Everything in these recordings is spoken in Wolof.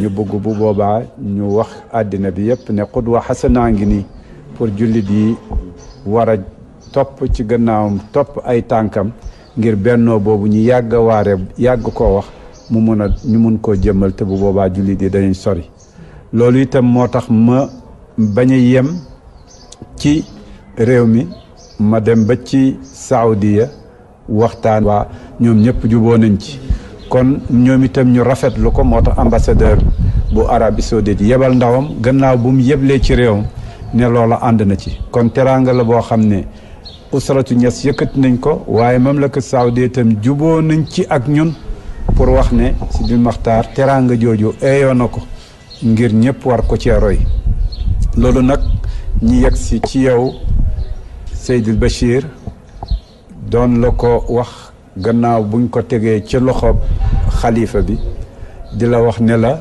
ñu bëgg bu boobaa ñu wax àddina bi yépp ne xudwa xasanaa ngi ni pour jullit yi wara a topp ci gannaawam topp ay tànkam ngir bennoo boobu ñu yàgg a waare yàgg koo wax mu mun ñu mën koo jëmmal te bu boobaa jullit yi dañuy sori loolu itam moo tax ma bañ a yem ci réew mi ma dem ba ci ya waxtaan waa ñoom ñëpp juboo nañ ci kon ñoom itam ñu rafetlu ko moo tax ambassadeur bu arabi Saoudite yebal ndawam gannaaw bu mu yeblee ci réewam ne loola ànd na ci kon teraanga la boo xam ne usratu ñes yëkkati nañ ko waaye mamlakat saudi itam juboo nañ ci ak ñun pour wax ne Sidi Maxtaar teraanga jooju eeyoo na ko ngir ñëpp war ko cee yi loolu nag ñi yegg si ci yow Seydil Bachir doon la ko wax gannaaw buñ ko tegee ci loxo xalifa bi di la wax ne la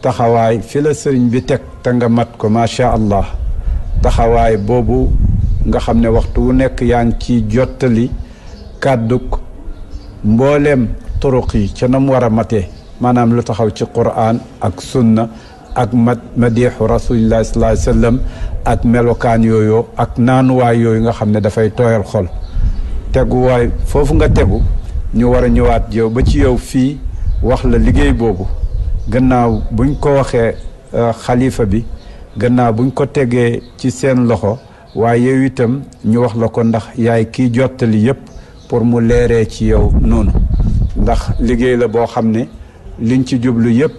taxawaay fi la sëriñ bi teg te nga mat ko macha allah taxawaay boobu nga xam ne waxtu wu nekk yaa ngi ci jottali kàdduk mbooleem turuq yi ca nam war a mate maanaam lu taxaw ci quraan ak sunna ak mat madiixu rasulillahi sallallahu ak melokaan yooyu ak naanuwaay yooyu nga xam ne dafay tooyal xol teguwaay foofu nga tegu ñu war a ñëwaat yow ba ci yow fii wax la liggéey boobu gannaaw buñ ko waxee euh, xalifa bi gannaaw buñ ko tegee ci seen loxo waaye yow itam ñu wax la ko ndax yaay kiy jottali yëpp pour mu leeree ci yow noonu ndax liggéey la boo xam ne liñ ci jublu yëpp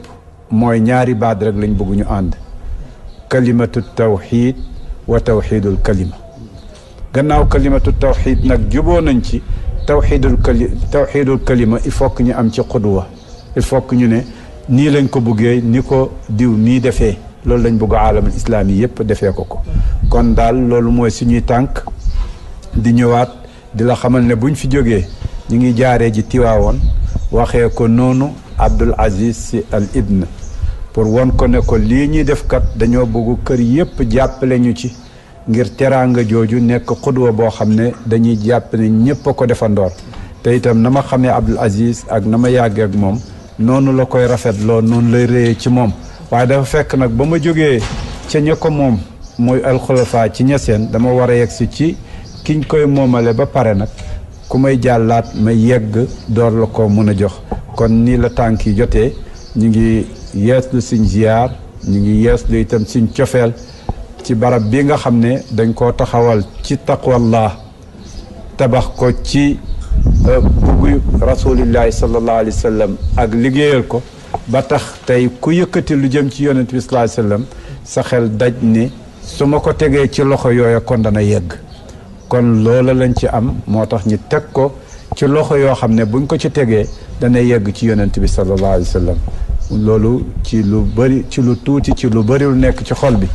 mooy ñaari baat rek lañ bëgg ñu ànd kalimatu tawxiid wa tawxiidul kalima gannaaw kalimatu tawxid nag juboo nañ ci tawxidul kali tawxidul kalima il faut ñu am ci xudwa i faut que ñu ne nii lañ ko buggee ni ko diw mii defee loolu lañ bugg aalamal islaam yi yëpp defee ko ko kon daal loolu mooy suñuy tànk di ñëwaat di la xamal ne buñ fi jógee ñu ngi jaaree ji tiwaawoon waxee ko noonu Abdul Aziz si al ibn pour won ko ne ko lii ñuy defkat dañoo bëgg kër yëpp jàppale ñu ci ngir teraanga jooju nekk xudwa boo xam ne dañuy jàpp ne ñëpp a ko defandoor te itam na ma xamee Abdul Aziz ak na ma yàggee ak moom noonu la koy rafetloo noonu lay réyee ci moom waaye dafa fekk nag ba ma jógee ca ña ko moom muy alxulafa ci ñaseen dama war a yegsi ci kiñ koy moomale ba pare nag ku may jàllaat ma yegg door la ko mën a jox kon nii la tànk yi jotee ñu ngi yees lu suñ ziyaar ñu ngi yees lu itam suñ cofeel ci barab bi nga xam ne dañ koo taxawal ci taqwallah tabax ko ci e, buggu rasulillahi sallallahu alayhi ak liggéeyal ko ba tax tey ku yëkkati lu jëm ci yonent bi sallallahu alayhi sa xel daj ni su ma ko tegee ci loxo yooyu kon dana yegg kon loola lañ ci am moo tax ñu teg ko ci loxo yoo xam ne buñ ko ci tegee dana yegg ci yonent bi sallallahu alayhi loolu ci lu bëri ci lu tuuti ci lu bëriwul nekk ci xol bi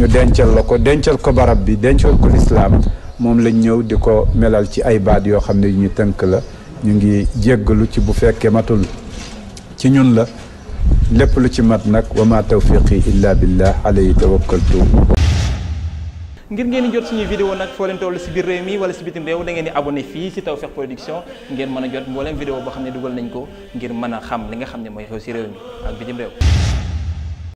ñu dencal la ko dencal ko barab bi dencal ko lislaam moom lañ ñëw di ko melal ci ay baat yoo xam ne yu ñu tënk la ñu ngi jéggalu ci bu fekkee matul ci ñun la lépp lu ci mat nag wa ma tawfiqi illa billah alayhi tawakkaltu ngir ngeen di jot suñuy vidéo nag foo leen toll si biir réew mi wala si bitim réew da ngeen di abonné fii si Tawfekh Production ngeen mën a jot mbooleem vidéo boo xam ne dugal nañ ko ngir mën xam li nga xam ne mooy xew si réew mi ak réew